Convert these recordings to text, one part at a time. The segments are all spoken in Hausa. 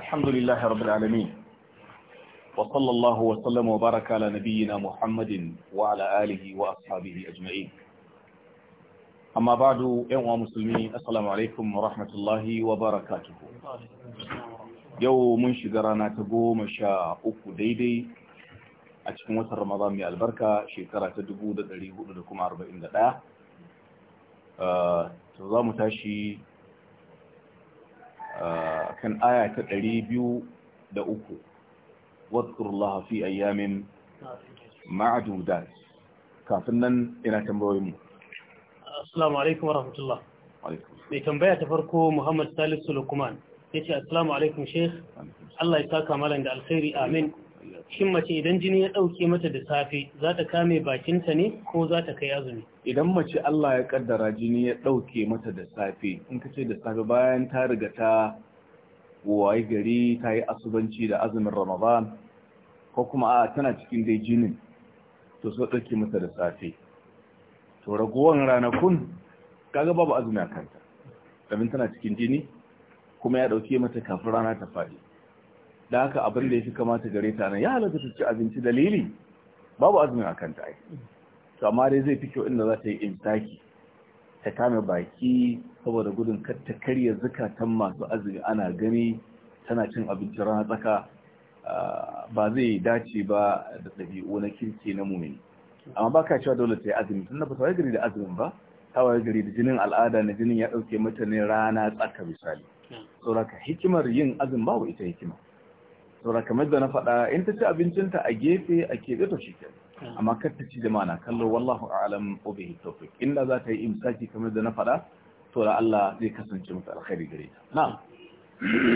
الحمد لله رب العالمين وصلى الله وسلم وبارك على نبينا محمد وعلى آله وأصحابه أجمعين أما بعد يوم مسلمين السلام عليكم ورحمة الله وبركاته يوم شجرنا تقوم شاء أكو ديدي أتكم وتر رمضان من البركة شكرة تدبو دقليه لكم أربعين دقاء تظام تاشي kan aya ta ɗari biyu da uku wadkurullah fi ayyamin ma'adudat kafin nan ina tambayoyin tambayoyinmu assalamu alaikum warahmatullah mai tambaya ta farko muhammad salisu lukman ya ce assalamu alaikum sheikh allah ya saka malam da alkhairi amin shin mace idan jini ya dauke mata da safe za ta kame bakinta ne ko za ta kai azumi idan mace Allah ya kaddara jini ya ɗauke mata da safe in kace da safe bayan ta riga ta wai gari ta yi asubanci da azumin ramadan ko kuma a tana cikin dai jinin to su ɗauke mata da safe to ragowar ranakun kaga babu azumi a kanta domin tana cikin jini kuma ya ɗauke mata kafin rana ta faɗi da haka abin da ya fi kamata gare ta nan ya halatta ta ci abinci dalili babu azumi a kanta ai to amma dai zai fi kyau inda za ta yi intaki ta kame baki saboda gudun kar ta karya zukatan masu azumi ana gani tana cin abinci rana tsaka ba zai dace ba da ɗabi'u na kirki na mumini amma ba ka cewa dole ta yi azumi tun da ba ta gari da azumin ba ta waye gari da jinin al'ada na jinin ya ɗauke mata ne rana tsaka misali sauraka hikimar yin azumi babu ita hikima sauraka kamar da na faɗa in ta ci abincinta a gefe a keɓe to shi kenan amma kar ta ci jama'a na kallo wallahu a'lam wa bihi inda za ta yi imsaki kamar da na faɗa to da Allah zai kasance mata alkhairi gare ta na.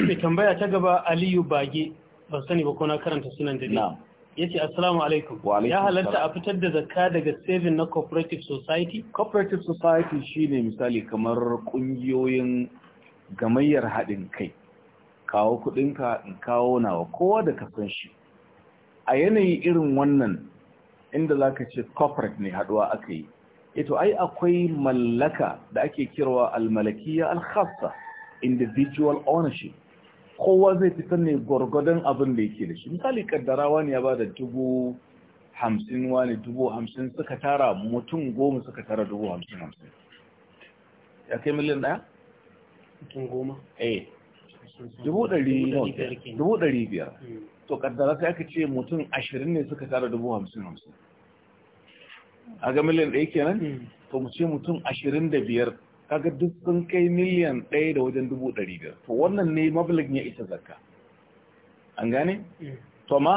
mai tambaya ta gaba Aliyu Bage ba sani ba ko na karanta sunan da ya ce assalamu alaikum ya halatta a fitar da zakka daga saving na cooperative society cooperative society shi ne misali kamar kungiyoyin gamayyar haɗin kai kawo kuɗinka in kawo nawa kowa da san shi a yanayi irin wannan inda za ka ce corporate ne haduwa aka yi ito ai akwai mallaka da ake kirwa almalakiya alkhassa individual ownership kowa zai fi sanne gwargwadon abin da yake da shi misali kaddara wani ya ba da dubu hamsin wani dubu hamsin suka tara mutum goma suka tara dubu hamsin hamsin ya kai miliyan ɗaya? mutum goma? eh dubu ɗari biyar hmm. to kaddara sai aka ce mutum ashirin ne suka tara dubu hamsin hamsin a ga miliyan ɗaya kenan hmm. to mu ce mutum ashirin da biyar kaga duk sun kai miliyan ɗaya da wajen dubu ɗari biyar to wannan ne mabalik ya isa zakka an gane hmm. to ma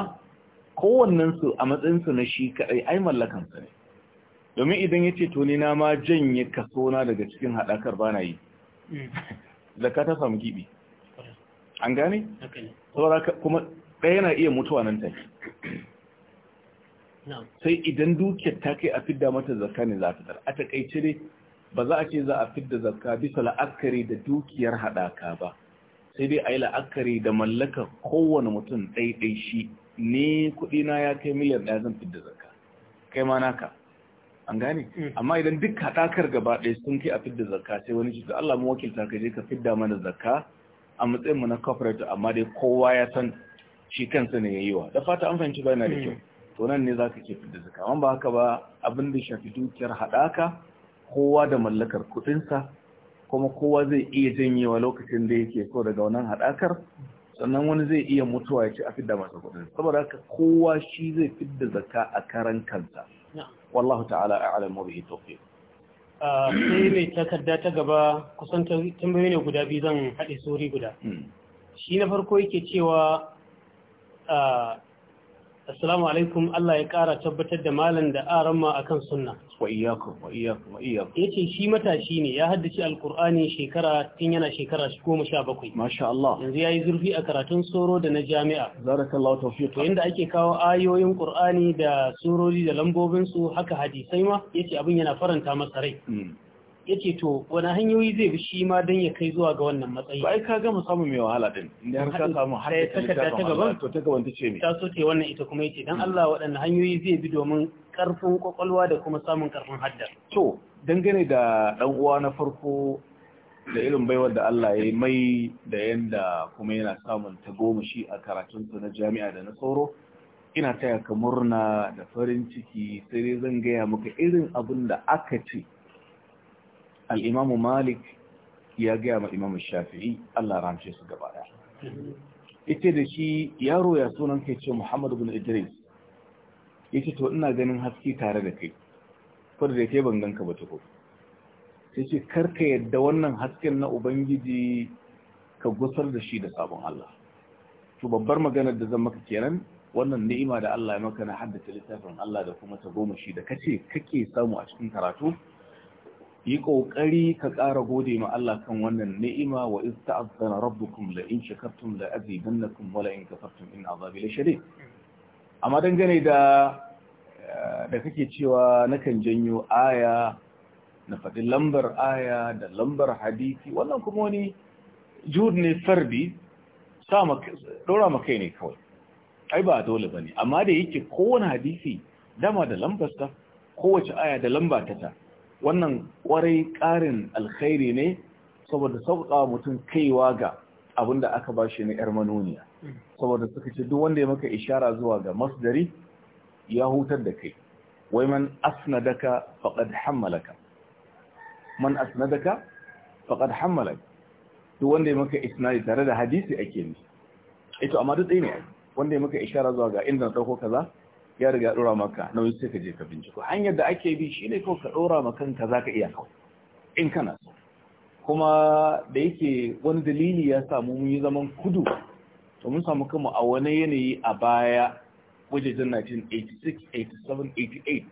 kowannensu a matsayinsu na shi kaɗai ai mallakansa ne domin idan ya ce to ni na ma janye kaso na daga cikin haɗakar bana yi hmm. zakka ta samu gibi an gane? kuma ɗaya yana iya mutuwa nan take sai idan dukiyar ta kai a fidda mata zakka ne za a fitar a takaice ne ba za a ce za a fidda zakka bisa la'akari da dukiyar haɗaka ba sai dai a yi la'akari da mallaka kowane mutum ɗaiɗai shi ne kuɗi na ya kai miliyan ɗaya zan fidda zakka kai ma naka an gane hmm. amma idan duk haɗakar gaba ɗaya sun kai a fidda zakka sai wani shi Allah mu wakilta ka je ka fidda mana zakka a matsayin mu na corporate amma dai kowa ya san shi kansa ne ya yi wa da fata an fahimci bayana da kyau hmm. to nan ne zaka ka ke fidda zaka amma ba haka ba abin da shafi dukiyar haɗaka kowa da mallakar kuɗinsa kuma kowa zai iya janyewa lokacin da yake so daga wannan haɗakar sannan wani zai iya mutuwa ya ce a fidda masa kudin saboda haka kowa shi zai fidda zaka a karan kansa wallahu ta'ala a'lam wa bihi tawfiq ah, sai mai takarda ta gaba kusan tambayoyi ne guda biyu zan haɗe sori guda hmm. shi na farko yake cewa assalamu alaikum Allah ya kara tabbatar da malam da a akan sunna wa iyyakum wa iyyakum wa iyyakum yace shi matashi ne ya haddace alqur'ani shekara tun yana shekara 17 masha Allah yanzu yayi zurfi a karatun soro da na jami'a barakallahu tawfiq inda ake kawo ayoyin qur'ani da surori da lambobin su haka hadisai ma yace abin yana faranta masa rai hmm. Yake to wani hanyoyi zai bi shi ma don ya kai zuwa ga wannan matsayi ba ai ka gama samun mai wahala din da har ka samu har ya ta gaban to ta gaban ta ce ta so ce wannan ita kuma yace dan Allah waɗannan hanyoyi zai bi domin karfin kwakwalwa da kuma samun karfin hadda to dangane da dan uwa na farko da irin baiwar da Allah ya yi mai da yanda kuma yana samun ta goma shi a karatunsa na jami'a da na sauro ina taya ka murna da farin ciki sai dai zan gaya maka irin abin da aka ce al'imamu malik ya gaya ma imamu shafi'i Allah ramshe su gaba ɗaya ita da shi yaro ya sunan kai ce muhammadu bin idris ya ce to ina ganin haske tare da kai fadda da ke ban ganka ba tuko sai ce karka yadda wannan hasken na ubangiji ka gusar da shi da sabon Allah to babbar maganar da zan maka kenan wannan ni'ima da Allah ya maka na haddace littafin Allah da kuma ta goma shi da kace kake samu a cikin karatu yi ƙoƙari ka ƙara gode ma Allah kan wannan ni'ima wa iz ta'azzana rabbukum la in shakartum la azidannakum wa la in kafartum in azabi la shadid amma dangane da eh, da kake cewa nakan janyo aya na faɗi lambar aya da lambar hadisi wannan kuma wani jud ne fardi sa dora maka ne kawai ai ba dole bane amma da yake kowane hadisi dama da lambar sa kowace aya da lamba ta ta wannan kwarai ƙarin alkhairi ne saboda sauƙa mutum kaiwa ga abin da aka ba shi na ‘yar manoniya saboda suka ce duk wanda ya maka ishara zuwa ga masdari ya hutar da kai wai man asnadaka faqad hammalaka man asnadaka faqad hammalaka duk wanda ya maka isnadi tare da hadisi ake ne ito amma duk ɗaya ne wanda ya maka ishara zuwa ga inda na ɗauko kaza ya riga ya dora maka nauyin sai ka je ka binciko hanyar da ake bi shi ne kawai ka dora ma kanka ka iya kawai in kana so kuma da yake wani dalili ya samu mun yi zaman kudu to mun samu kanmu a wani yanayi a baya wajejen 1986 87 88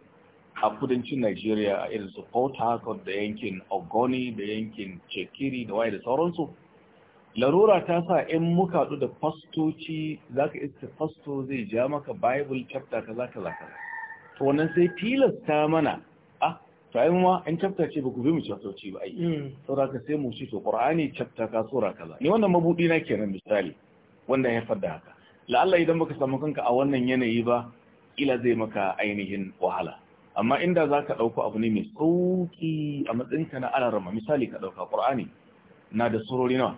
a kudancin Najeriya a irin su Port Harcourt da yankin Ogoni da yankin Chekiri da waye da sauransu larura ta sa in muka haɗu da fastoci za ka iska fasto zai ja maka bible chapter ka za ka za ka to wannan sai tilasta mana ah to ai ma in chapter ce ba ku bi mu chaptoci ba ai mm. saboda ka sai mu ci to qur'ani chapter ka sura kaza ni wannan mabudi na kenan misali wanda ya fada haka la'alla idan baka samu kanka a wannan yanayi ba ila zai maka ainihin wahala amma inda za ka ɗauko abu ne mai sauƙi a matsayinka na alarama misali ka ɗauka ƙur'ani na da surori nawa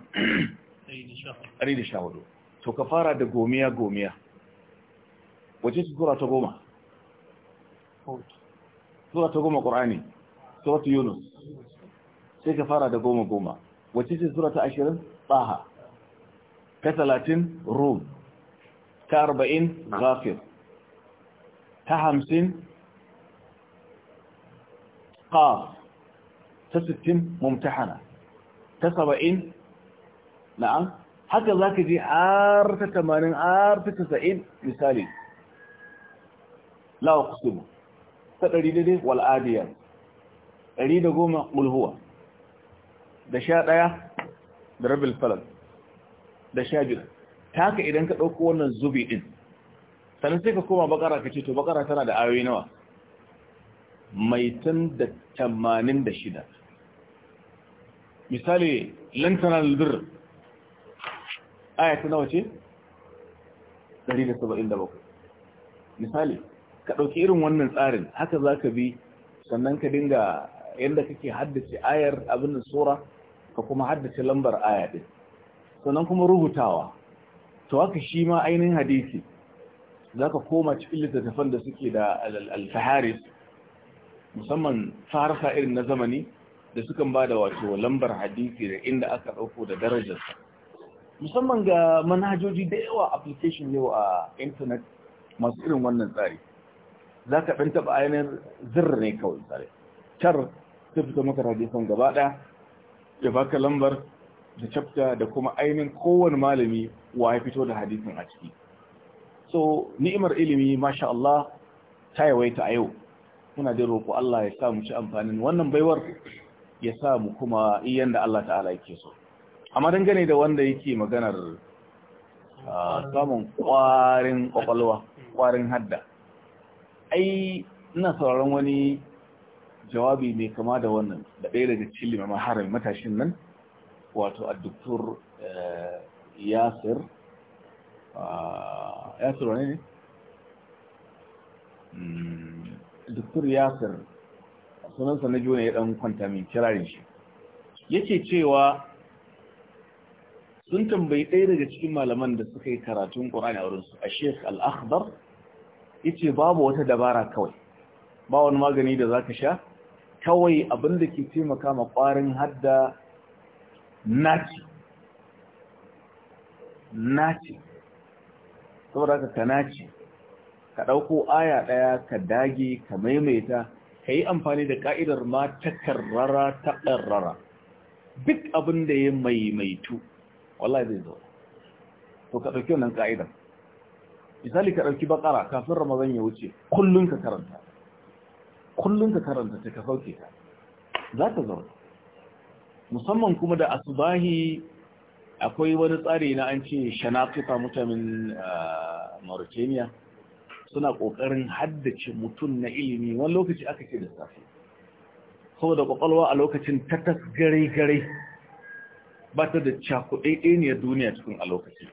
ɗari da sha hudu to ka fara da gomiya gomiya wace tura ta goma tura ta goma ƙorani tura ta yunus sai ka fara da goma goma wace su tura ta ashirin tsaha Ka talatin rum Ka arba'in ghafir ta hamsin qaf ta sittin mumtahana ta saba'in na'am haka za ka ji har ta tamanin har ta tasa'in misali lawa kusurmu ta ɗari daidai wal'adiyar ɗari da goma ulhuwa da sha ɗaya da rabin falon da sha biyu ta haka idan ka ɗauko wannan zubi ɗin sannan sai ka koma bakara ka ce to bakara tana da ayoyi nawa mai tun da tamanin da shida misali lantana albir aya ta nawa ce 177 misali ka ɗauki irin wannan tsarin haka za ka bi sannan ka dinga yadda kake haddace ayar abin sura ka kuma haddace lambar aya ɗin sannan kuma rubutawa to haka shi ma ainihin hadisi za ka koma cikin littattafan da suke da alfaharis musamman farsa irin na zamani da sukan ba da wato lambar hadisi da inda aka ɗauko da darajarsa musamman ga manhajoji da yawa application yau a intanet masu irin wannan tsari za ka ɗan taɓa ainihin zirra ne kawai tsari tar ta fito maka hadisan gaba ɗaya ya baka lambar da chapter da kuma ainihin kowane malami wa ya fito da hadisin a ciki so ni'imar ilimi masha Allah ta yawaita a yau muna da roƙo Allah ya sa mu ci amfanin wannan baiwar ya sa mu kuma iyan da Allah ta'ala yake so amma dangane da wanda yake maganar ah, samun kwarin ƙwaƙwalwa, ƙwarin hadda ai ina sauraron wani jawabi mai kama da wannan da ɗaya daga cikin mai maharin matashin nan wato a duktur eh, yasir ah, yasir wani ne? Hmm, yasir sunansa na juna ya dan kwanta min kirarin shi yake cewa sun tambayi ɗaya daga cikin malaman da suka yi karatun Qur'ani a wurinsu a sheikh Al-Akhdar yace babu wata dabara kawai ba wani magani da zaka sha kawai abin da ke taimaka ma ƙwarin hadda naci naci saboda ka naci ka ɗauko aya ɗaya ka dage ka maimaita ka yi amfani da ka'idar ma ta karrara ta karrara duk abin da ya maimaitu wallahi zai zo to ka ɗauki wannan ka'idar misali ka ɗauki bakara kafin ramadan ya wuce kullum ka karanta kullum ka karanta ta ka sauke ta za ta zauna musamman kuma da asubahi akwai wani tsari na an ce shanaƙifa mutanen ah, mauritania suna ƙoƙarin haddace mutum na ilimi wani lokaci aka ce da safe saboda ƙwaƙwalwa a lokacin ta tasgare-gare ba ta da cakuɗaɗɗeniyar duniya cikin a lokaci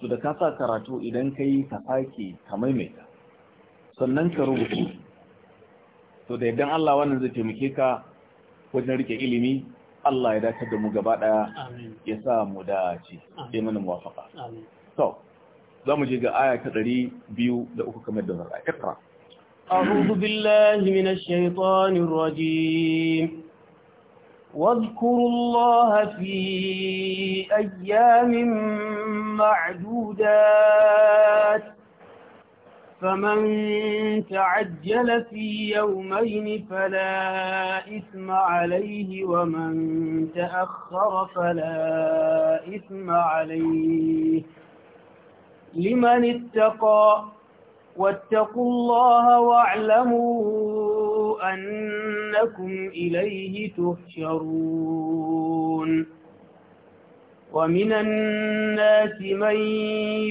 su da ka sa karatu idan ka yi ka sake ka maimaita sannan ka rubutu to da idan Allah wannan zai taimake ka wajen rike ilimi Allah ya dace da mu gaba ɗaya ya sa mu dace ya mana muwafaka to za mu je ga aya ta ɗari biyu da uku kamar da zara ikra أعوذ بالله من الشيطان الرجيم واذكروا الله في أيام معدودات فمن تعجل في يومين فلا إثم عليه ومن تأخر فلا إثم عليه لمن اتقى واتقوا الله واعلموا أنكم إليه تحشرون ومن الناس من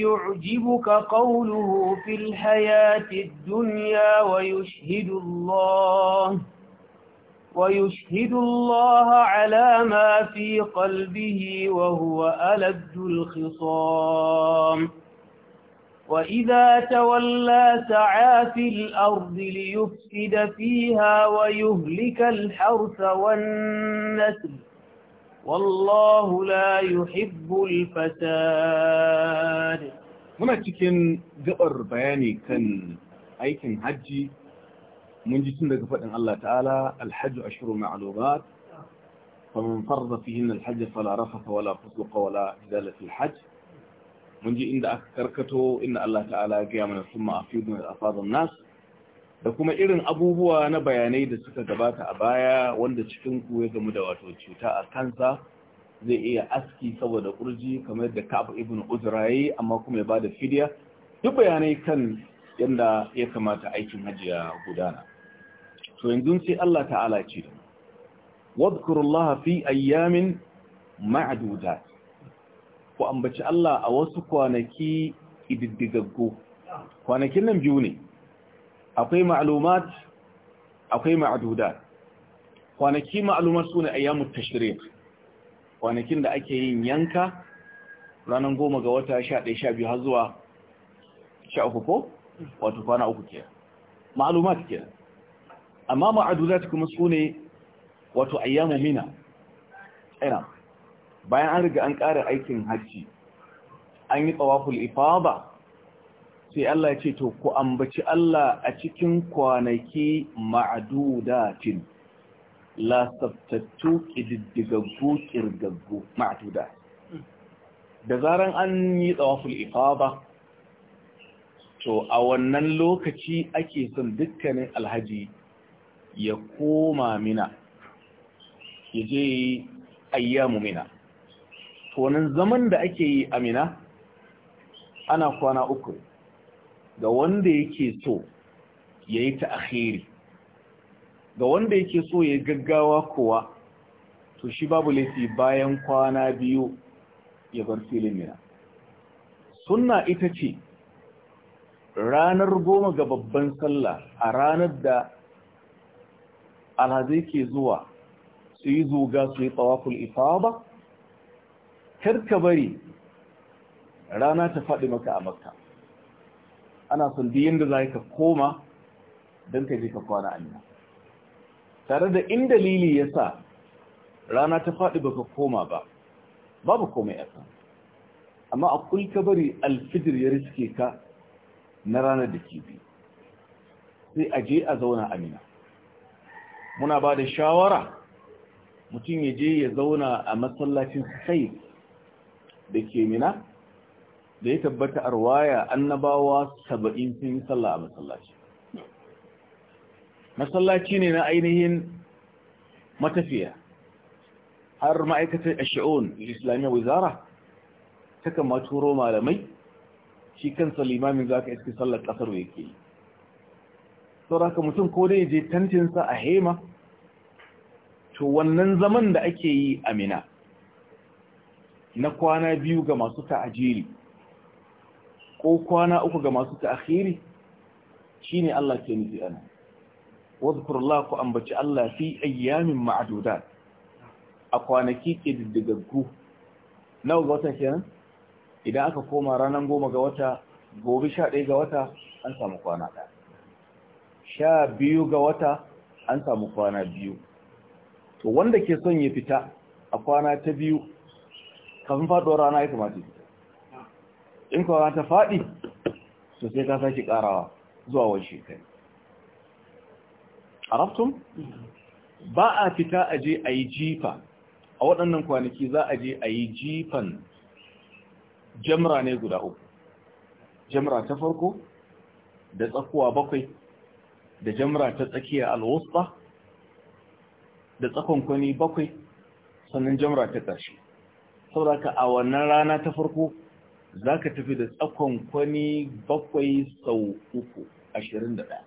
يعجبك قوله في الحياة الدنيا ويشهد الله ويشهد الله على ما في قلبه وهو ألد الخصام وإذا تولى سعى في الأرض ليفسد فيها ويهلك الحرث والنسل والله لا يحب الفساد هنا تكين جئر بياني كان أيكن حجي من جسم دقفتن الله تعالى الحج أشهر معلومات فمن فرض فيهن الحج فلا رفث ولا فسلق ولا جدالة الحج mun ji inda aka karkato inda Allah ta'ala ya gaya mana summa da afadan nas da kuma irin abubuwa na bayanai da suka gabata a baya wanda cikin ku ya gamu da wato cuta a kansa zai iya aski saboda kurji kamar da Ka'ab ibn Uzrayi amma kuma ya bada fidya duk bayanai kan yadda ya kamata aikin hajji gudana to yanzu sai Allah ta'ala ce wadhkurullaha fi ayyamin ma'dudat ku ambaci Allah a wasu kwanaki ididdigaggo kwanakin nan biyu ne akwai ma'lumat akwai ma'adudat kwanaki su sune ayyamut tashriq kwanakin da ake yin yanka ranar goma ga wata sha ɗaya sha biyu har zuwa sha uku ko wato kwana uku ke ma'lumat ke amma ma'adudat kuma sune wato ayyamu mina ina bayan an riga an ƙara aikin hajji an yi tsawaful ifada sai Allah ya ce to ku ambaci Allah a cikin kwanaki ma'adudatin lasabtattu ƙididdigaggu ƙirgaggu ma'aduda da zaran an yi tsawaful ifada to a wannan lokaci ake son dukkanin alhaji ya koma mina ya je ayyamu mina to wannan zaman da ake yi amina ana kwana uku ga wanda yake so ya yi ta akhiri ga wanda yake so ya gaggawa kowa to shi babu laifi bayan kwana biyu ya bar filin mina sunna ita ce ranar goma ga babban sallah a ranar da alhazai ke zuwa su yi zuga su yi tsawakul ifaba karka bari rana ta faɗi maka a makka ana son biyan da za ka koma don ka je ka kwana annan tare da in dalili ya sa rana ta faɗi baka koma ba babu komai a kan amma a kulka bari alfijir ya riske ka na ranar da ke sai a je a zauna amina muna ba da shawara mutum ya je ya zauna a masallacin sai da ke mina da ya tabbata a ruwaya annabawa saba'in sun yi sallah a masallaci masallaci ne na ainihin matafiya har ma'aikatar ashe'un islamiyya wizara ta kama turo malamai shi kansa limamin za ka iske sallar ƙasar da yake yi sauraka mutum ko dai je tantinsa a hema to wannan zaman da ake yi a mina na kwana biyu ga masu ta'ajiri ko kwana uku ga masu ta'akhiri shine Allah ke nufi ana wazkurullah ku ambaci Allah fi ayyamin ma'dudat a kwanaki ke diddigaggu nawa ga watan kenan idan aka koma ranar goma ga wata gobe sha ɗaya ga wata an samu kwana ɗaya sha biyu ga wata an samu kwana biyu to wanda ke son ya fita a kwana ta biyu kafin faduwar rana ya kamata in kuwa ta faɗi su sai ka sake ƙarawa zuwa wani A raftun ba a fita a je a yi jifa a waɗannan kwanaki za a je a yi jifan jamra ne guda uku jamra ta farko da tsakuwa bakwai da jamra ta tsakiya alwusta da tsakon kwani bakwai sannan jamra ta ƙarshe sauraka a wannan rana ta farko za ka tafi da tsakon kwani bakwai sau uku ashirin da ɗaya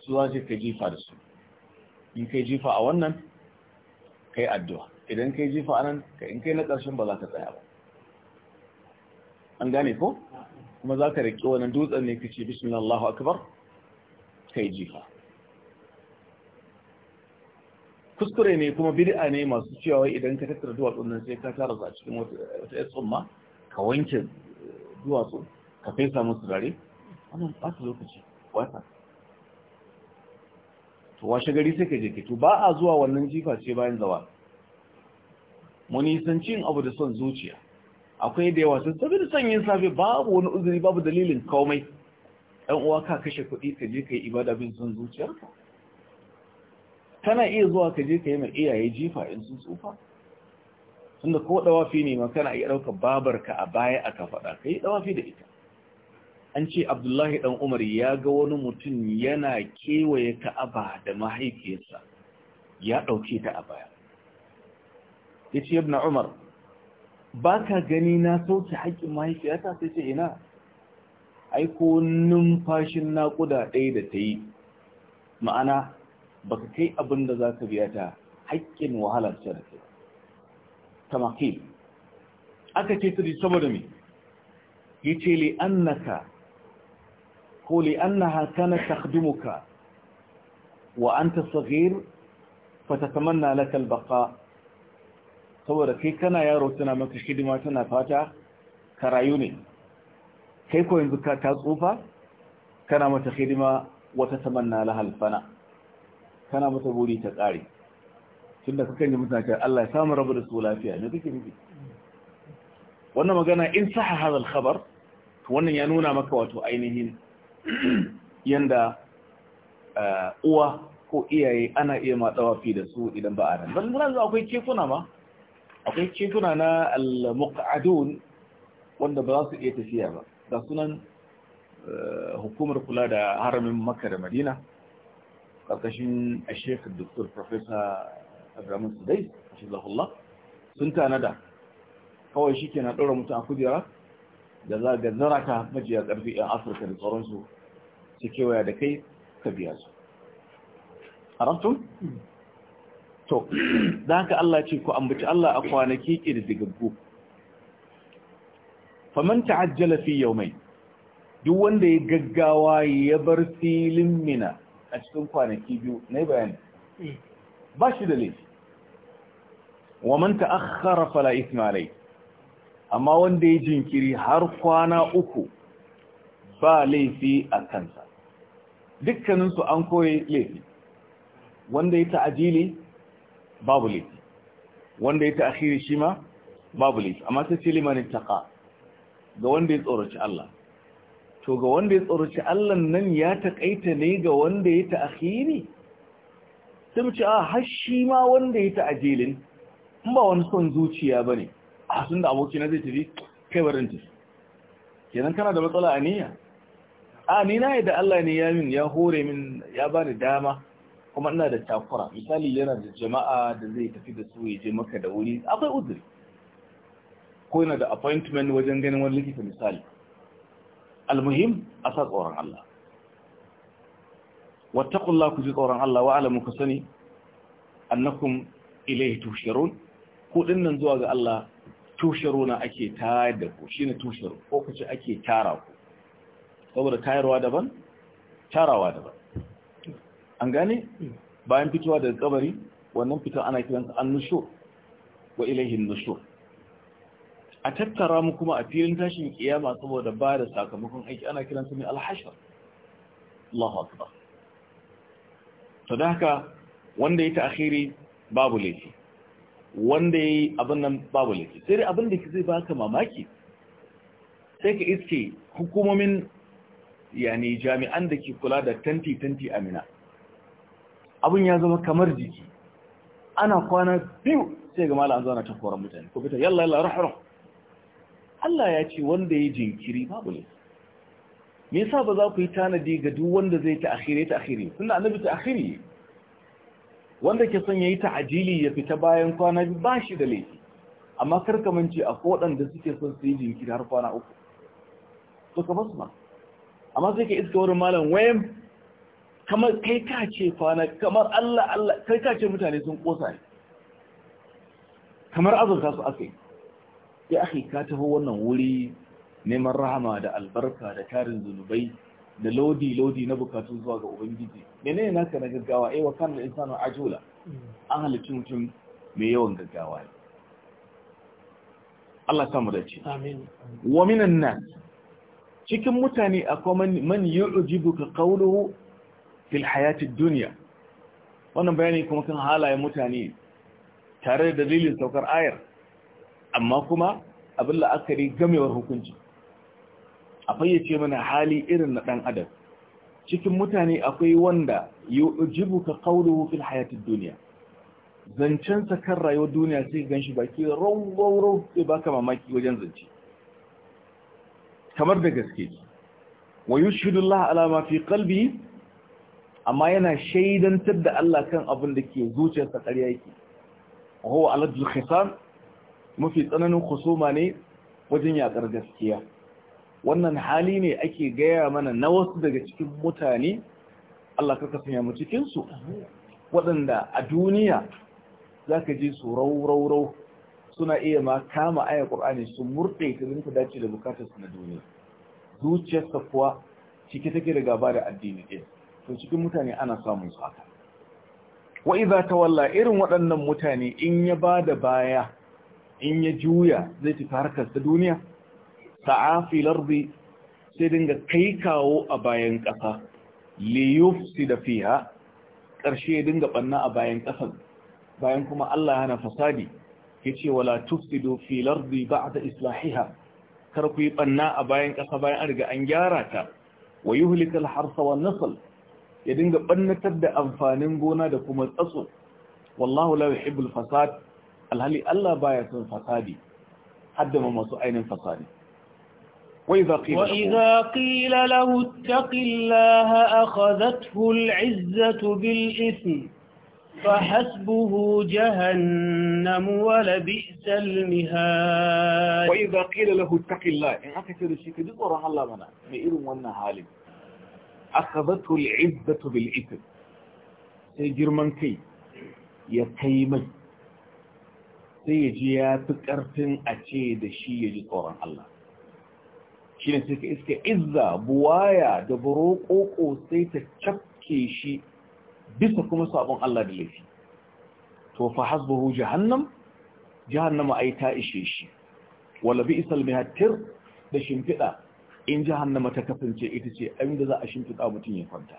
su za ka jifa da su in kai jifa a wannan kai addu'a idan kai jifa a nan ka in kai na ƙarshen ba za ka tsaya ba an gane ko kuma za ka riƙe wannan dutsen ne ka ce Allahu akbar kai jifa kuskure ne kuma bid'a ne masu cewa idan ka tattara duwatsun nan sai ka tara a cikin wata yar tsumma ka wanke eh, duwatsu ka fesa musu dare wannan ba su lokaci wata to washe gari sai ka je to ba a zuwa wannan jifa ce bayan zawa mu nisancin abu da son zuciya akwai da yawa sun sanyin safe babu wani uzuri babu dalilin komai ɗan uwa ka kashe kuɗi ka je ka yi ibada bin son zuciyarka kana iya zuwa ka je ka yi mai iyaye jifa in sun tsufa tunda ko dawafi ne ma kana iya ɗauka babarka a baya aka faɗa ka yi dawafi da ita an ce abdullahi ɗan umar ya ga wani mutum yana kewaye ka'aba da mahaifiyarsa ya ɗauke ta a baya ya ce yabna umar ba ka gani na sauke haƙƙin mahaifiyata sai ce ina aiko numfashin naƙuda ɗaya da ta yi ma'ana baka kai abin da za ka biya ta haƙƙin wahalar ce da ke tamaki aka ce ta saboda me ya ce li'annaka ko li'annaha kana takhdimuka wa anta saghir fatatamanna laka albaqa saboda kai kana yaro tana maka hidima tana fata ka rayu ne kai ko yanzu ka ta tsufa kana mata hidima wata tamanna lahal kana masa buri ta tsare tunda kakan yi mutane Allah ya samu rabu da su lafiya ne kake nufi wannan magana in saha hadal khabar wannan ya nuna maka wato ainihin yanda eh, uwa ko iyaye ana iya matsawa fi da su idan ba a nan ban nan akwai kekuna ma akwai kekuna na al-muqadun wanda ba za su iya tafiya ba ga sunan eh, hukumar kula da haramin makka da madina ƙarƙashin a shekar doktor professor abraman sudai shizahullah sun tanada kawai shi ke na ɗora mutum a kujera da za ga zarata majiya ƙarfi 'yan afirka da tsaronsu su kewaya da kai ka biya su haramtun? to da haka Allah ce ku ambaci Allah a kwanaki ƙididdigaggu faman ta'ajjala fi yau mai duk wanda ya gaggawa ya bar filin mina a cikin kwanaki biyu na bayani eh. ba shi da laifi wa man ta'akhkhara fala ithma alayhi amma wanda ya jinkiri har kwana uku ba laifi a kansa dukkaninsu an koye laifi wanda ya ta'ajili babu laifi wanda ya ta'akhiri shi ma babu laifi amma ta ce limanin taƙa ga wanda ya tsoraci Allah to ga wanda ya tsoraci Allah nan ya takaita ne ga wanda ya ta'khiri sun ce a ah, hashi ma wanda ya ajilin in ba wani son zuciya bane a ah, sun da aboki na zai tafi kai barin tafi kenan kana da matsala a niyya a ah, ni na yadda Allah ne ya min ya hore min ya bani dama kuma ina da takura misali yana da jama'a da zai tafi da su ya je maka da wuri akwai uzuri ko yana da appointment wajen ganin wani likita misali almuhim a sa tsoron Allah wattakullah ku ji tsoron Allah wa alamu ku sani annakum ilaihi tushirun ku dinnan zuwa ga Allah tushiruna ake tayar da ku shine tushir ko kace ake tara ku saboda tayarwa daban tarawa daban an gane bayan fitowa daga kabari wannan fitar ana kiransa an nushur wa ilaihin nushur a tattara mu kuma a filin tashin kiyama saboda ba da sakamakon aiki ana kiransa mai alhashar Allahu akbar to da haka wanda ya ta'khiri babu laifi wanda yayi abin nan babu laifi sai abin da zai baka mamaki sai ka iske hukumomin yani jami'an da ke kula da tanti tanti amina abin ya zama kamar jiki ana kwana biyu sai ga malam zana ta koran mutane ko fita yalla yalla Allah ya ce wanda ya jinkiri babu ne me yasa ba za ku yi tanadi ga duk wanda zai ta akhire ta akhire tunda annabi ta akhire wanda ke son yayi ta ajili ya fita bayan kwana biyu ba shi da laifi amma kar ka mance a waɗanda suke son su yi jinkiri har kwana uku to ka basu ma amma sai ka iska wurin malam wayan kamar kai ka ce kwana kamar Allah Allah kai ka ce mutane sun kosa ne kamar azurta su aka yi ya ake ka taho wannan wuri neman rahama da albarka da tarin zunubai da lodi-lodi na bukatu zuwa ga ubangiji mene ne naka na gaggawa Ewa, eh, wa kana insanu ajula an halittu mutum mai yawan gaggawa ne Allah samu da ce amin wa minan cikin mutane akwai man yu'jibuka qawluhu fil hayatid duniya. wannan bayani kuma kan halayen mutane tare da dalilin saukar ayar amma kuma abin la'akari gamewar hukunci a fayyace mana hali irin na ɗan adam cikin mutane akwai wanda yujibu ka qawluhu fil hayatid duniya. zancen sa kan rayuwar duniya sai ganshi baki rawwaro sai baka mamaki wajen zance kamar da gaske wa yushhidu Allah fi kalbi. amma yana shaidantar da Allah kan abin da ke zuciyarsa ƙarya yake huwa alajul khisan mafi tsananin kusuma ne wajen yakar gaskiya wannan hali ne ake gaya mana na wasu daga cikin mutane Allah ka sanya mu cikinsu waɗanda a duniya za ka ji su raurau suna iya ma kama aya ƙur'ani su murɗe ta zinta dace da bukatarsu na duniya zuciyarsa kuwa cike take da gaba da addini ɗin to cikin mutane ana samun su haka wa iza tawalla irin waɗannan mutane in ya ba da baya in ya juya zai tafi harkar duniya sa'afi lardi sai dinga kai kawo a bayan ƙasa si da fiya ƙarshe ya dinga ɓanna a bayan ƙasar bayan kuma Allah hana fasadi ya ce wala tufsidu fi lardi ba'da islahiha kar ku yi ɓanna a bayan ƙasa bayan an riga an gyara ta wa yuhlikal harsa wa nasl ya dinga ɓannatar da amfanin gona da kuma tsatso wallahu la yuhibbul fasad alhali Allah baya son fasadi haddama masu ainihin fasadi وإذا قيل, وإذا قيل له اتق الله أخذته العزة بالإثم فحسبه جهنم ولبئس المهاد وإذا قيل له اتق الله إن أكثر الشيء كذب ورح الله منا مئر وانا هالي أخذته العزة بالإثم سيجر من كي يتيمن sai ya ji ya fi ƙarfin a ce da shi ya ji tsoron Allah shi ne sai ka iska izza buwaya da buroƙoƙo sai ta cafke shi bisa kuma sabon Allah da laifi to fa hasbuhu jahannam jahannama ai ta ishe shi wala bi isal mihattir da shimfiɗa in jahannama ta kasance ita ce abinda za a shimfiɗa mutum ya kwanta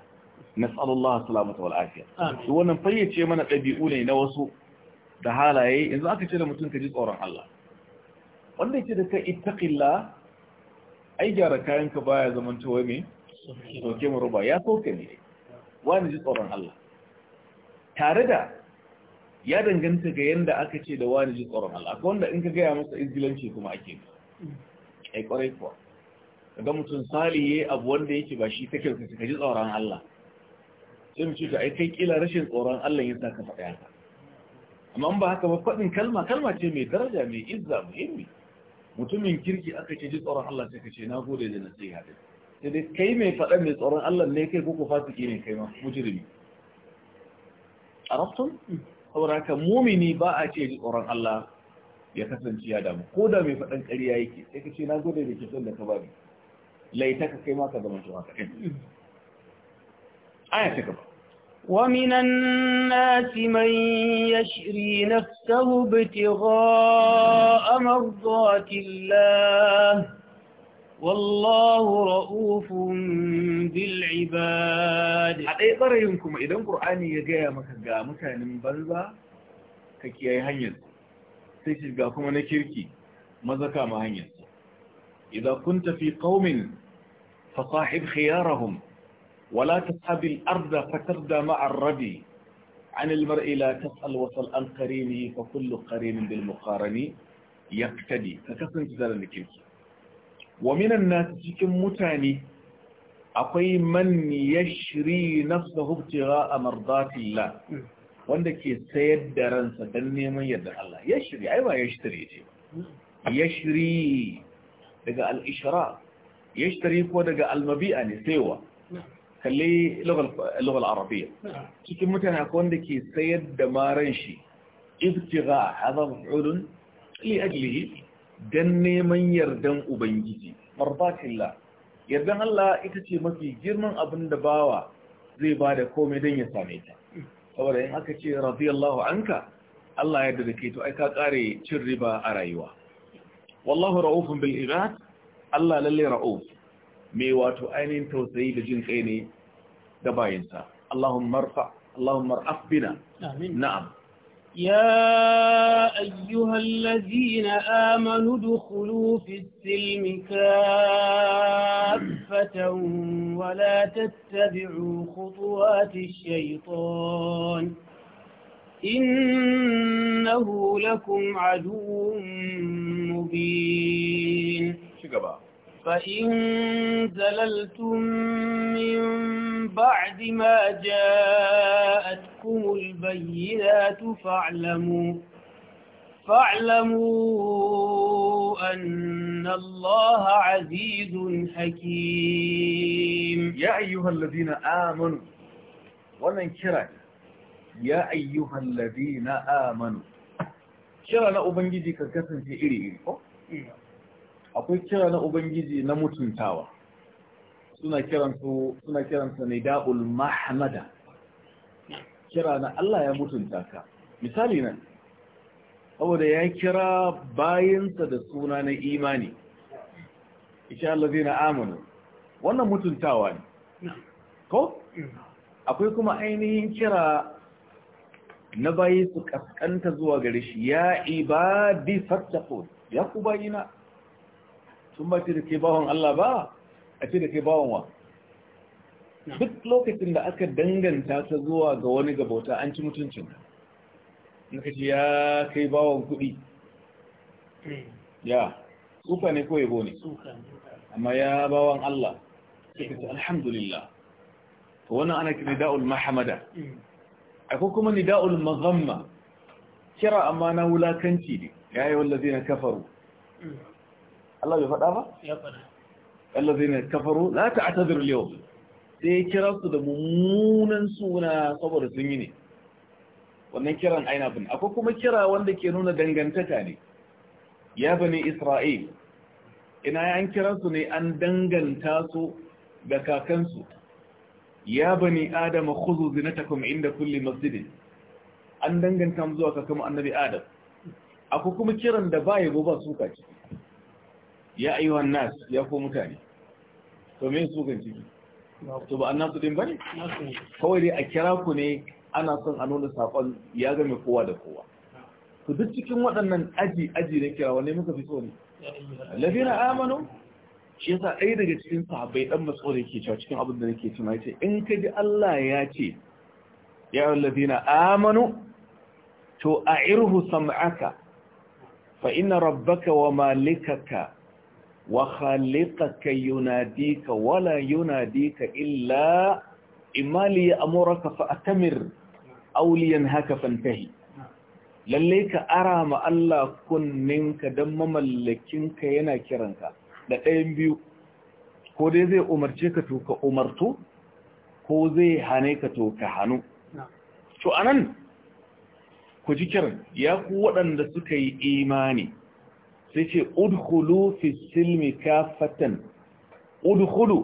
nas'alullahi salamata wal afiya wannan fayyace mana ɗabi'u ne na wasu da halaye yanzu aka ce da mutum ka ji tsoron Allah wanda yake da ka ittaqilla ai gyara kayan ka baya zaman towa me soke mu ruba ya soke ne wani ji tsoron Allah tare da ya danganta ga yanda aka ce da wani ji tsoron Allah akwai wanda in ka gaya masa izgilanci kuma ake ai kwarai kuwa ga mutum saliye abu wanda yake ba shi kake ka ji tsoron Allah sai mu ce ka ai kai kila rashin tsoron Allah yasa ka faɗa ka amma ba haka ba faɗin kalma kalma ce mai daraja mai izza muhimmi mutumin kirki aka ce ji tsoron Allah sai ka ce na gode da nasiha dai sai dai kai mai faɗa mai tsoron Allah ne kai koko fasiki ne kai ma mujrimi arabtum saboda haka mumini ba a ce ji tsoron Allah ya kasance ya damu ko da mai faɗan ƙarya yake sai ka ce na gode da kisan da ka ba ni laita ka kai ma ka zama ka kai. aya ce gaba ومن الناس من يشري نفسه ابتغاء مرضات الله والله رؤوف بالعباد أي بريمكم إذا القرآن يجي مكة مكان بلبا كي هنيز سيشل قاكم أنا كيركي مزكا ما هنيز إذا كنت في قوم فصاحب خيارهم ولا تسحب الأرض فتردى مع الربي عن المرء لا تسأل وصل عن قرينه فكل قرين بالمقارن يقتدي فكفن تزال لكي ومن الناس سكم متاني أقوي من يشري نفسه ابتغاء مرضات الله وانك سيد دارن سدني من يد الله يشري أيوة يشتري يشري دقاء الإشراء يشتري فو دقاء المبيئة سيوه kalli lugal arabiya cikin mutane akwai wanda ke sayar da maran shi ibtiga hadha maf'ulun li ajlihi dan neman yardan ubangiji marbatillah yardan Allah ita ce mafi girman abin da bawa zai bada komai dan ya same ta saboda in aka ce radiyallahu anka Allah ya da kai to ai ka kare cin riba a rayuwa wallahu ra'ufun bil ibad Allah lalle ra'uf mai wato ainihin tausayi da jin kai ne da bayinsa Allahumma marfa Allahumma mar'af bina na'am يا أيها الذين آمنوا ادخلوا في السلم كافة ولا تتبعوا خطوات الشيطان إنه لكم عدو مبين شكرا فإن زللتم من بعد ما جاءتكم البينات فاعلموا فاعلموا أن الله عزيز حكيم يا أيها الذين آمنوا wannan kira يا أيها الذين آمنوا kira na ubangiji في إيري إيري akwai kira na ubangiji na mutuntawa suna kiransa ne da'ul mahamada kira na Allah ya mutunta ka misali nan saboda ya kira bayansa da suna na imani isha zai na amanu wannan mutuntawa ne ko akwai kuma ainihin kira na bayi su kaskanta zuwa gare shi ya ibadi fattaqun ya ku bayina sun ba ce da ke bawon Allah ba a ce da ke bawon wa duk lokacin da aka danganta ta zuwa ga wani gabota an ci mutuncin na kace ya kai bawon kuɗi hmm. ya tsufa ne ko yabo ne amma ya bawon Allah sai ce alhamdulillah to wannan ana kira da'ul mahamada hmm. akwai kuma ni Da'ul mazamma kira amma na wulakanci ne ya yi wallazi na kafaru hmm. Allah bai faɗa ba? Ya faɗa. Allah zai ne kafaro za ta a tazir yau. Sai ya kira su da mummunan suna saboda sun yi ne. Wannan kiran aina bin. Akwai kuma kira wanda ke nuna dangantaka ne. Ya bani Isra'il. Ina ya an kira su ne an danganta su da kakansu. Ya bani Adam khuzu zinatakum inda kulli masjidin. An danganta mu zuwa kakamu annabi Adam. Akwai kuma kiran da ba yabo ba suka ciki. ya ayyuhan nas ya ku mutane to me su kan ciki to ba su din bane kawai dai a kira ku ne ana son a nuna sakon ya game kowa da kowa to duk cikin waɗannan aji aji na kira wanne muka fi so ne lafina amanu shi yasa ɗaya daga cikin sahabbai dan matso da ke cewa cikin abin da nake cewa yace in ka ji Allah ya ce ya ayyuhallazina amanu to a'irhu sam'aka fa inna rabbaka wa malikaka wa khaliqaka yunadika wala yunadika illa imali amuraka fa atamir aw liyanhaka fantahi ka ara ma Allah kunninka dan mamallakinka yana kiranka da ɗayan biyu ko dai zai umarce ka to ka umartu ko zai hane ka to ka hanu to anan ku ji kiran ya ku waɗanda suka yi imani sai ce udhulu fi silmi kafatan udhulu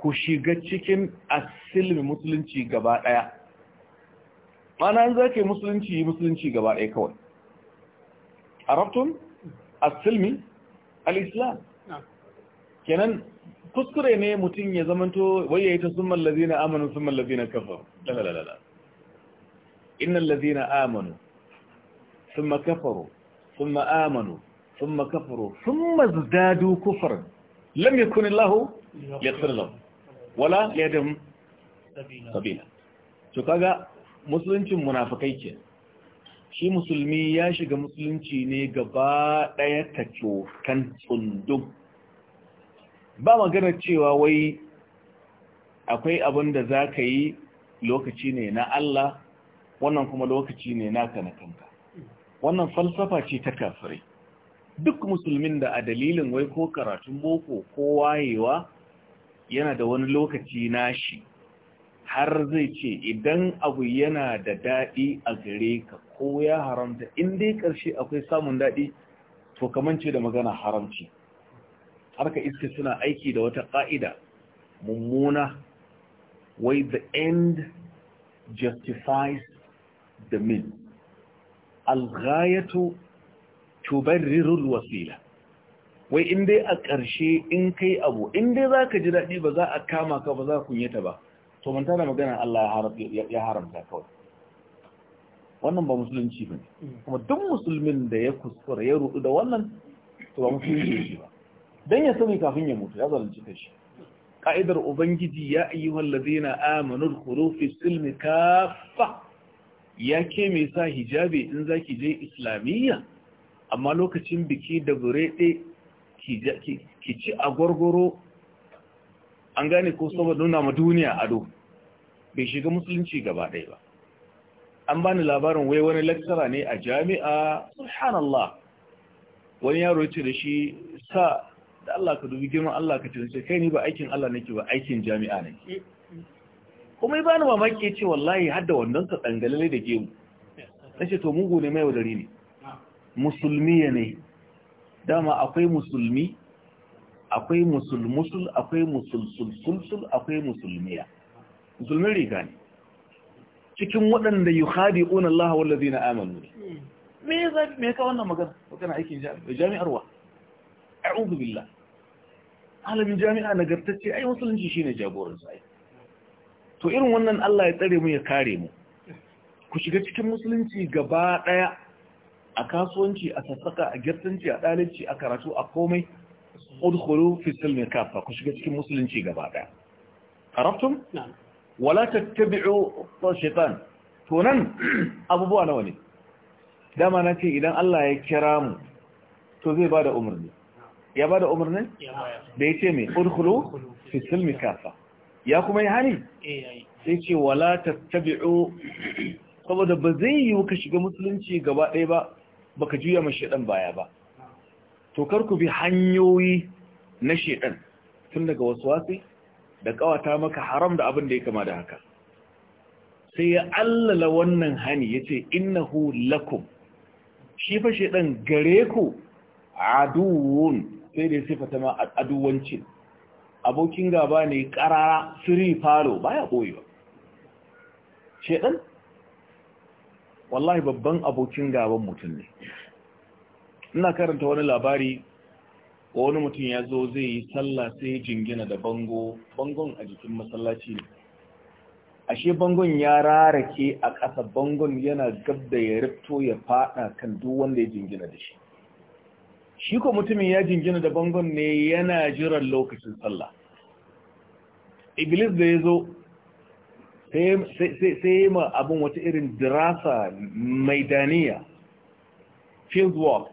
ku shiga cikin asilmi musulunci gaba daya mana an zake musulunci musulunci gaba daya kawai arabtum asilmi Alislam? kenan kuskure ne mutum ya zamanto waye ya ta summan lazina amanu summan lazina kafa lalalala innan lazina amanu summa kafaru summa amanu ثم كفروا ثم ازدادوا كفرا لم يكن الله يغفر لهم ولا ليدهم سبيلا to kaga musuluncin munafikai ke shi musulmi ya shiga musulunci ne gaba daya ta cokan tsundum ba magana cewa wai akwai abin da za ka yi lokaci ne na Allah wannan kuma lokaci ne naka na kanka wannan falsafa ce ta kafirai duk musulmin da a dalilin wai ko karatun boko ko wayewa yana da wani lokaci nashi har zai ce idan abu yana da daɗi a gare ka ko ya haramta in dai ƙarshe akwai samun daɗi to kamance da magana haramci harka iska suna aiki da wata ƙa'ida mummuna wai the end justifies the means al-ghayatu tubarrirul wasila wai in dai a ƙarshe in kai abu in dai za ka ji daɗi ba za a kama ka ba za a kunyata ba to manta da magana Allah ya haramta kawai wannan ba musulunci ba ne mm. kuma duk musulmin da ya kuskura ya rudu da wannan to ba musulunci ba don ya sani kafin ya mutu ya zalunci shi. ka'idar ubangiji ya ayyuhal ladina amanu dkhulu fi silmi kafa. ya ke me sa hijabi in zaki je islamiyya amma lokacin biki da burede ki ci a gwargwaro an gane ko saboda nuna ma duniya ado bai shiga musulunci gaba ɗaya ba an bani labarin wai wani laksara ne a jami'a subhanallah wani yaro ya ce da shi sa da Allah ka dubi girman Allah ka tunce kai ni ba aikin Allah nake ba aikin jami'a ne kuma ba ni mamaki ce wallahi har da wannan sa dangalale da gemu nace to mugu ne mai wadari ne musulmiya ne dama akwai musulmi akwai musulmusul akwai musulsulsulsul akwai musulmiya musulmin riga ne cikin waɗanda yi haɗi ƙunan Allah wallazi na amanu ne me ya zaɓi me ya kawo wannan magana magana aikin jami'ar wa a'udhu billah alamin jami'a nagartacce ai musulunci shi ne jagoran sai to irin wannan Allah ya tsare mu ya kare mu ku shiga cikin musulunci gaba ɗaya. a kasuwanci a sassaka a girtanci a ɗalibci a karatu a komai udkhulu fi silmi kafa ku shiga cikin musulunci gaba daya arabtum wala tattabi'u shaitan to nan abubuwa nawa ne dama na ce idan Allah ya kira mu to zai bada umarni ya bada umarni da ya ce mai udkhulu fi silmi kafa ya kuma yi hani eh, sai ce wala tattabi'u saboda ba zai yi ka shiga musulunci gaba ɗaya ba baka juya ma shedan baya ba to kar ku bi hanyoyi na shedan tun daga wasu waswasi da kawata maka haram da abin da ya kama da haka sai ya allala wannan hani yace innahu lakum shi fa shedan gare ku aduwun sai da ta ma aduwancin abokin gaba ne karara siri falo baya boyewa shedan wallahi babban abokin gaban mutum ne ina karanta wani labari wani mutum ya zo zai yi sallah sai ya jingina da bango bangon a jikin masallaci ne ashe bangon ya rarake a ƙasa bangon yana gab da ya rifto ya fada kan duk wanda ya jingina da shi shi ko mutumin ya jingina da bangon ne yana jiran lokacin sallah iblis da ya zo sai ma abin wata irin dirasa maidaniya field work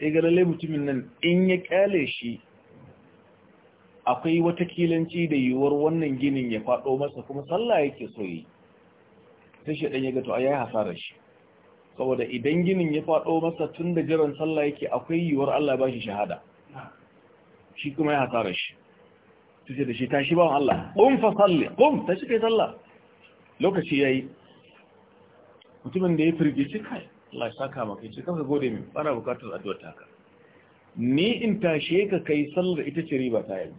sai ga lalle mutumin nan in ya kyale shi akwai wata kilanci da yiwuwar wannan ginin ya faɗo masa kuma sallah yake soyi sai shi ɗan ya gato a yi hasarar shi saboda idan ginin ya faɗo masa tun da jiran sallah yake akwai yiwuwar Allah ba shi shahada shi kuma ya hasarar shi su ce da shi tashi bawan Allah ƙun fa salli ƙun tashi kai sallah lokaci ya yi mutumin da ya firgici kai Allah ya saka maka ce kafa gode min bana bukatar ta taka ni in tashe ka kai sallar ita ce riba ta yi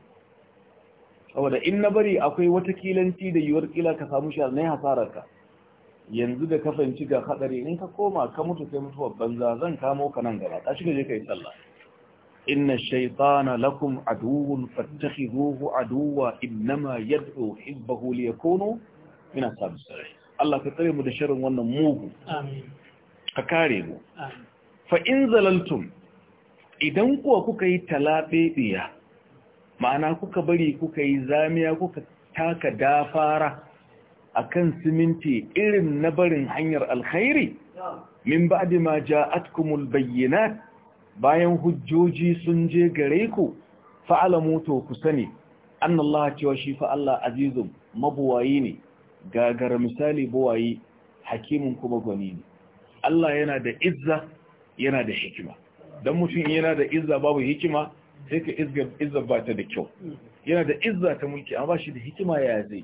saboda in na bari akwai wata kilanci da yiwuwar kila ka samu shi ne hasarar ka yanzu da kafanci ga hadari in ka koma ka mutu sai mutuwar banza zan kamo ka nan gaba ka shiga je kai sallah inna shaytana lakum aduwwun fattakhidhuhu aduwwa innama yad'u hibbahu liyakunu min ashabis Allah ka tsare mu da shirin wannan mugu amin ka kare mu fa in zalaltum idan kuwa kuka yi talabebiya ma'ana kuka bari kuka yi zamiya kuka taka dafara akan siminti irin na barin hanyar alkhairi min ba'di ma ja'atkumul bayyinat bayan hujjoji sun je gare ku fa'ala moto ku sani an Allah cewa shi fa Allah azizun mabuwayi ne gagara misali buwayi hakimin kuma gwani ne Allah yana da izza yana da hikima don mutum yana da izza babu hikima sai ka izza ba ta da kyau yana da izza ta mulki amma ba shi da hikima ya zai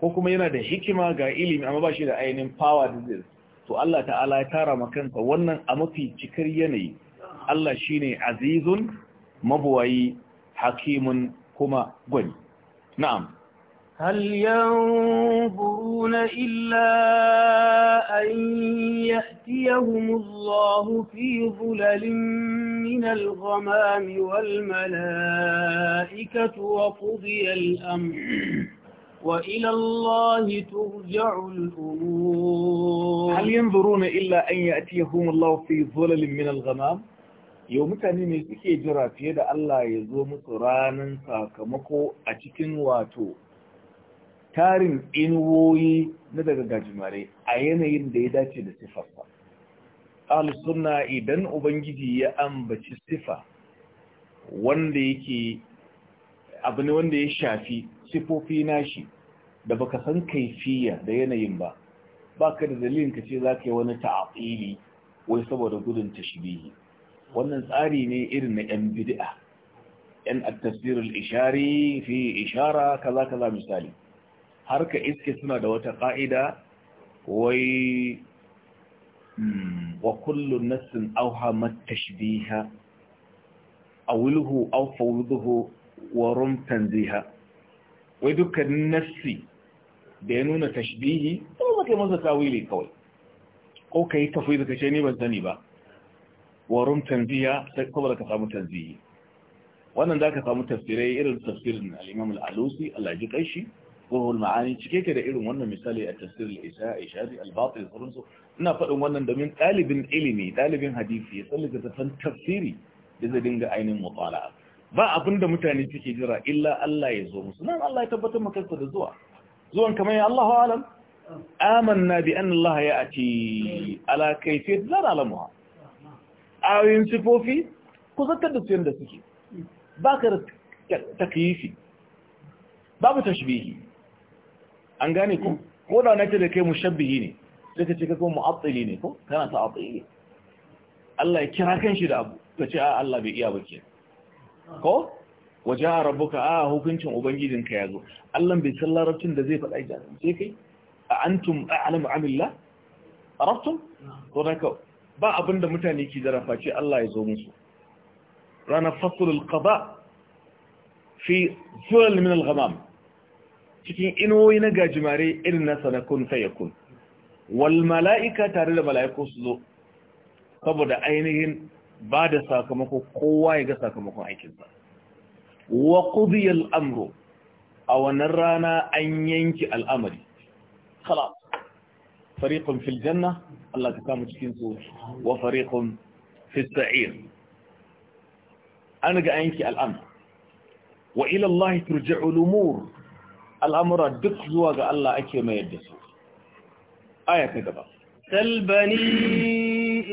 ko kuma yana da hikima ga ilimi amma ba shi da ainihin power da zai to Allah ta'ala ya tara makanta wannan a mafi cikar yanayi Allah شيني azizun mabuwayi hakimun kuma gwani na'am هل ينظرون إلا أن يأتيهم الله في ظلل من الغمام والملائكة وقضي الأمر وإلى الله ترجع الأمور هل ينظرون إلا أن يأتيهم الله في ظلل من الغمام yau mutane ne suke jira fiye da Allah ya zo musu ranar sakamako a cikin wato tarin inuwoyi na daga gajimare a yanayin da ya dace da sifarsa. al-sunna idan ubangiji ya ambaci sifa wanda yake abu ne wanda ya shafi sifofi nashi da baka san kaifiya da yanayin ba ba ka da dalilin ka ce za ka yi wani ta'afili wai saboda gudun tashbihi wannan tsari ne irin na yan bid'a yan at ishari fi ishara kaza kaza misali har ka iske suna da wata ƙa'ida, wai hmm, wa kullum nassin auha matashbiha awilhu aw fawduhu wa tanziha wai dukkanin nassi da ya nuna tashbihi ko ba kai masa tawili kawai ko kai tafwid kace ni ban sani ba warum tanziya saboda ka samu tanziyi wannan da ka samu tafsirai irin tafsirin al'imam al'alusi alhaji ƙaishi ruhul ma'ani cike ke da irin wannan misali a tafsirin isa ishari albatul da sauransu ina faɗin wannan domin ɗalibin ilimi ɗalibin hadisi ya tsallaka tafan tafsiri da zai dinga ainihin mutsala ba abin da mutane suke jira illa Allah ya zo musu nan Allah ya tabbatar maka da zuwa zuwan kamar ya Allahu alam amanna bi anna ya ya'ti ala kayfiyat la na'lamuha ayoyin sifofi ku zartar da su yadda suke ba ka da takyifi babu tashbihi an gane ku ko da wani da kai mushabbihi ne sai ka ce ka kuma mu'attili ne ko kana ta ne Allah ya kira kan shi da abu ka ce a Allah bai iya ba ke ko waje a rabuka a hukuncin ubangijinka ya zo Allah bai san larabcin da zai faɗa ijazin sai kai a antum a'lam amillah arabtum ko da ka ba abin da mutane ke zarafa ce Allah ya zo musu ranar fasulul qada fi zulal min al-ghamam cikin inuwoyi na gajimare irin na sanakun fayakun wal mala'ika tare da mala'iku su zo saboda ainihin ba da sakamako kowa ya ga sakamakon aikinsa wa Amro amru a wannan rana an yanki al'amari khalas فريق في الجنة الله تكامل تكينسو وفريق في السعير أنا قاعد قاينك الأمر وإلى الله ترجع الأمور الأمر دق زواج الله أكي ما يدسو آية كذبا سل بني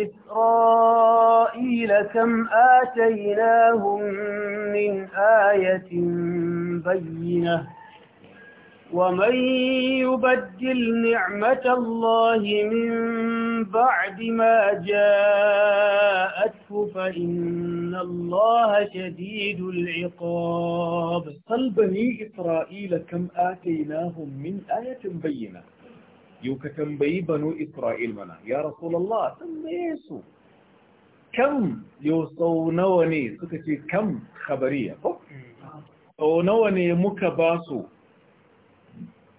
إسرائيل كم آتيناهم من آية بينه ومن يبدل نعمة الله من بعد ما جاءته فإن الله شديد العقاب قل بني إسرائيل كم آتيناهم من آية بينة يوك كم بي بنو إسرائيل منا يا رسول الله يسو كم يوصونوني سكتي كم خبرية أو نوني مكباسو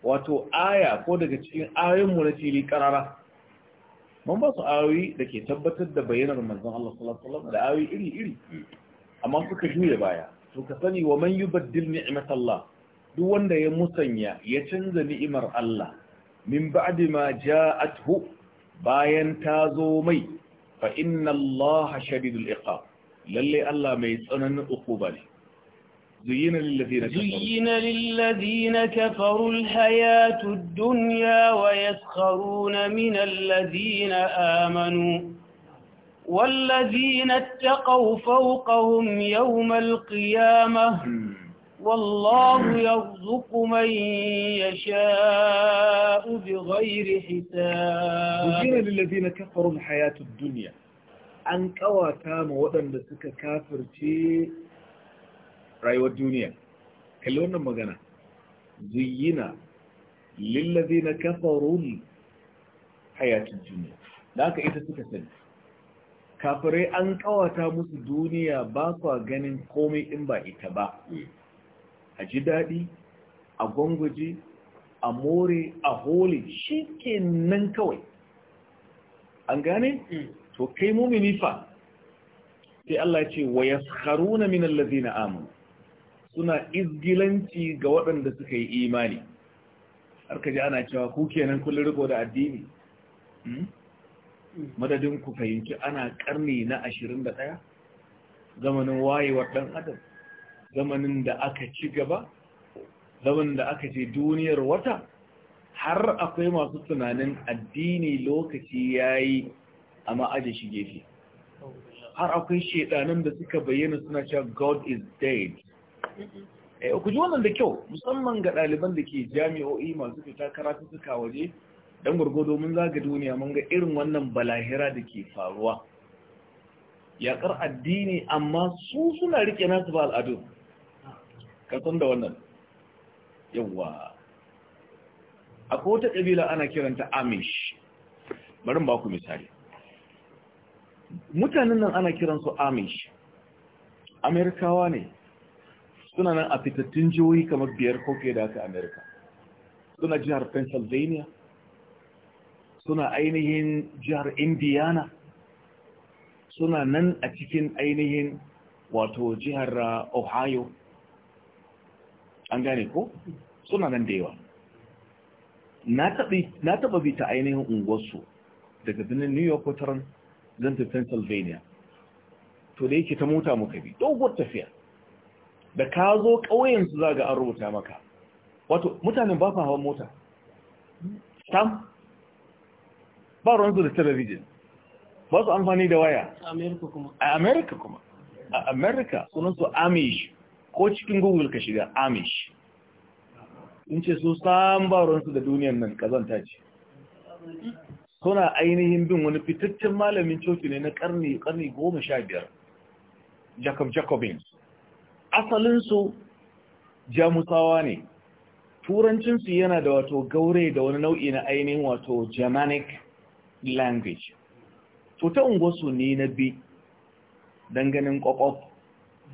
wato aya ko daga cikin ayoyinmu na fili karara mun ba su ayoyi da ke tabbatar da bayyanar manzon Allah sallallahu alaihi wasallam da ayoyi iri-iri amma suka juya baya to ka sani wa man yubaddil ni'mat duk wanda ya musanya ya canza ni'imar Allah min ba'di ma ja'athu bayan ta zo mai fa inna Allah shadidul iqab lalle Allah mai tsananin ukuba ne زين للذين كفروا زين للذين كفروا الحياة الدنيا ويسخرون من الذين آمنوا والذين اتقوا فوقهم يوم القيامة والله يرزق من يشاء بغير حساب زين للذين كفروا الحياة الدنيا أن كواتا ودن بسك كافر شيء rayuwar duniya kalli wannan magana zuyina lillazi na kafarun hayatun duniya da aka ita suka sani kafirai an kawata musu duniya ba kwa ganin komai in ba ita ba a ji daɗi a gwangwaje a more a holi, shi nan kawai an gane? Mm. to kai mumini fa sai Allah ce wa yaskharuna min allazina amanu suna izgilanci ga waɗanda suka yi imani har ka ji ana cewa ku kenan kullum riko da addini hmm? madadin ku fahimci ana karni na ashirin da ɗaya zamanin wayewar ɗan adam zamanin da aka ci gaba zamanin da aka ce duniyar wata har akwai masu tunanin addini lokaci ya yi a shige shi gefe har akwai shaidanin da suka bayyana suna cewa god is dead Eh, ku ji wannan da kyau musamman ga ɗaliban da ke jami'o'i masu fita karatu suka waje don gwargwado mun zaga duniya mun ga irin wannan balahira da ke faruwa yaƙar addini amma su suna riƙe nasu ba Ka kasan da wannan yawwa a wata ƙabila ana kiranta amish bari ba ku misali mutanen nan ana kiransu amish amerikawa ne suna nan a fitattun jihohi kamar biyar ko ke da aka amerika suna jihar pennsylvania suna ainihin jihar indiana suna nan a cikin ainihin wato jihar uh, ohio an gane ko suna nan da yawa na taba bi ainihin unguwarsu daga birnin new york wataran zan tafi pennsylvania to da yake ta mota muka bi doguwar tafiya da ka zo ƙauyensu za ga an rubuta maka wato mutanen ba hawan mota sam ba ruwansu da talabijin ba su amfani da waya a amerika kuma a amerika sunansu amish ko cikin google ka shiga amish in ce su sam ba ruwansu da duniyan nan kazanta ce suna ainihin bin wani fitaccen malamin coci ne na karni karni goma sha biyar jacob jacobins asalinsu jamusawa ne turancinsu yana da wato gaure da wani nau'i na ainihin wato germanic language to ta unguwarsu ne na bi ganin kwakwaf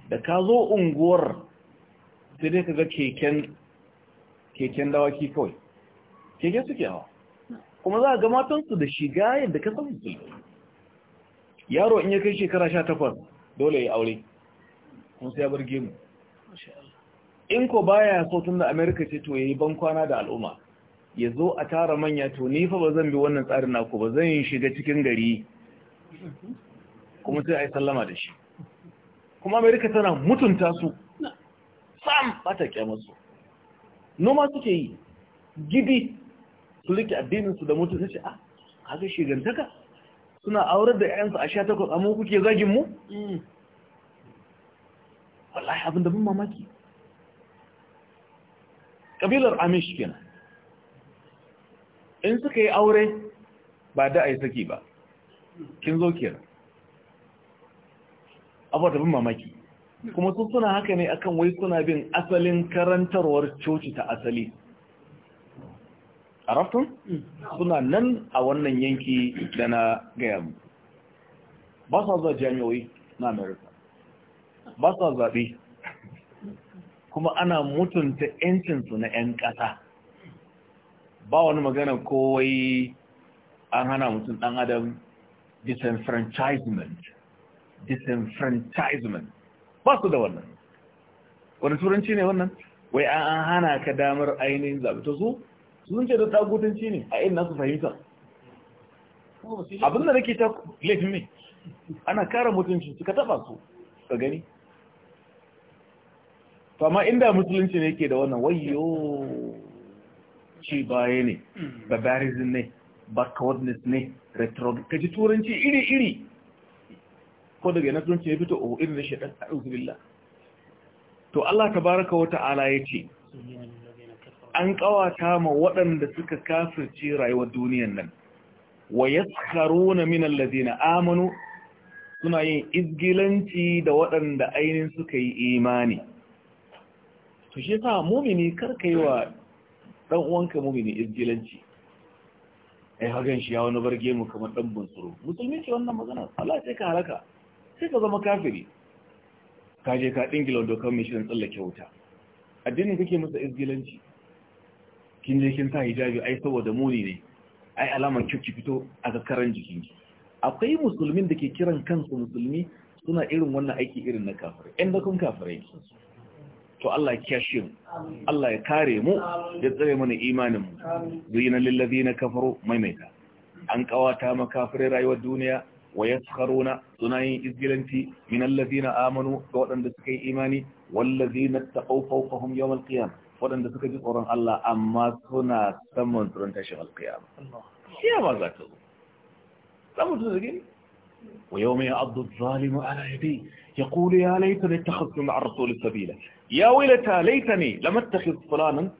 da ka zo unguwar sai dai ka ga keken dawaki kawai keke suke hawa kuma za a ga matansu da shiga yadda ka san su yaro in ya kai shekara sha takwas dole ya aure kun sai ya bar mu in ko baya so tun da america ce to yayi bankwana da al'umma ya zo a tara manya to ni fa ba zan bi wannan tsarin naku ba zan shiga cikin gari kuma sai a yi sallama da shi kuma america tana mutunta su sam ba ta kyamarsu noma suke yi gibi su rike addininsu da mutu sace a ah, kaga shigantaka suna aurar da 'yansu a sha takwas amma kuke zagin mu mm. wallahi abin da bin mamaki ƙabilar amish kenan in suka yi aure ba da a saki ba kin zo kenan da bin mamaki kuma sun suna haka ne akan wai suna bin asalin karantarwar coci ta asali a suna nan a wannan yanki da na gaya ba sa zuwa jami'oi na america ba su zaɓe kuma ana mutunta 'yancinsu na 'yan ƙasa ba wani magana kowai an hana mutum ɗan adam disenfranchisement disenfranchisement ba su da wannan wani turanci ne wannan wai an hana ka damar ainihin zaɓe ta su sun ce da tagutanci ne a ina su fahimta abin da ke ta laifin ne ana kara mutunci suka taɓa su ka gani to amma inda musulunci ne ke da wannan wayo ci baya ne barbarism ne backwardness ne Ka kaji turanci iri-iri ko daga yana turanci ya fito o oh, irin da shaɗan a ɗauzubillah to Allah ta baraka wa ta'ala ya ce an ƙawata ma waɗanda suka kafirce rayuwar duniyan nan wa yaskharuna min allazina amanu suna yin izgilanci da waɗanda ainihin suka yi imani to shi yasa mumini ka yi wa ɗan uwanka mumini izgilanci ai hagan shi ya wani barge mu kamar ɗan bunsuru musulmi ce wannan magana Allah sai ka halaka sai ka zama kafiri ka je ka dingila dokar mai shirin tsallake wuta addinin kake masa izgilanci kin je kin sa hijabi ai saboda muni ne ai alaman ki fito a kakkaran jikin akwai musulmin da ke kiran kansu musulmi suna irin wannan aiki irin na kafirai ɗan da kafirai to Allah ya kiyashe Allah ya kare mu ya tsare mana imanin mu zuyina lil na kafaru maimaita an kawata makafirai rayuwar duniya wa yaskharuna suna yin izgilanci min alladhina amanu ga waɗanda suka yi imani wallazina taqaw fawqahum yawm alqiyam waɗanda suka ji tsoron Allah amma suna saman tsoron tashin alqiyam kiyama za ta zo da gani ويوم يعض الظالم على يديه يقول يا ليتني اتخذت مع الرسول سبيلا يا ويلتى ليتني لم اتخذ فلانا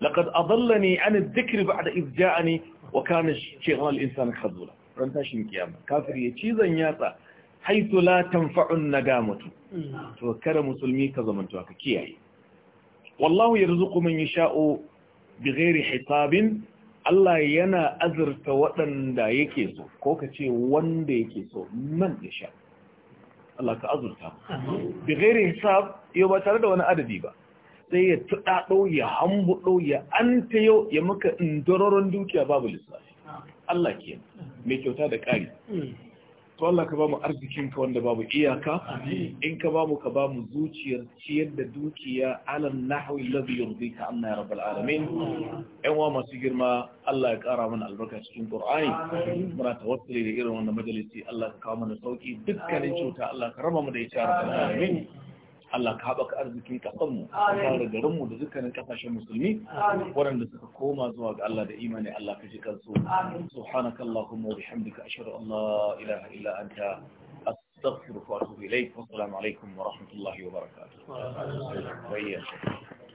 لقد أضلني عن الذكر بعد إذ جاءني وكان شغال الإنسان خذولا كافر يتشيزا ياتا حيث لا تنفع الندامة توكر مسلمي كزمن توكر والله يرزق من يشاء بغير حساب Allah yana azurta waɗanda yake so ko ka ce wanda yake so man da sha Allah ka azurta bi gairi hisab yau ba tare da wani adadi ba sai ya tuɗaɗo ya hambuɗo ya anta yau ya maka indororon dukiya babu lissafi Allah ke mai kyauta da ƙari mm. to Allah ka bamu arzikin ka wanda babu iyaka in ka babu ka bamu zuciyar ciyar da dukiya alam nahwi alladhi yurdika anna ya rabbal alamin ɗan wa masu girma Allah ya kara mana albarka cikin Qur'ani muna tawassuli da irin wannan majalisi Allah ka kawo mana sauki dukkanin cuta Allah ka raba mu da ita rabbal alamin Allah ka haɓaka arzikin ƙasarmu da garinmu da dukkanin ƙasashen musulmi waɗanda suka koma zuwa ga Allah da imani Allah ka ji kansu subhanaka allahumma wa bihamdika ashhadu an la ilaha illa anta astaghfiruka wa atubu ilayk wa assalamu alaikum wa rahmatullahi wa barakatuh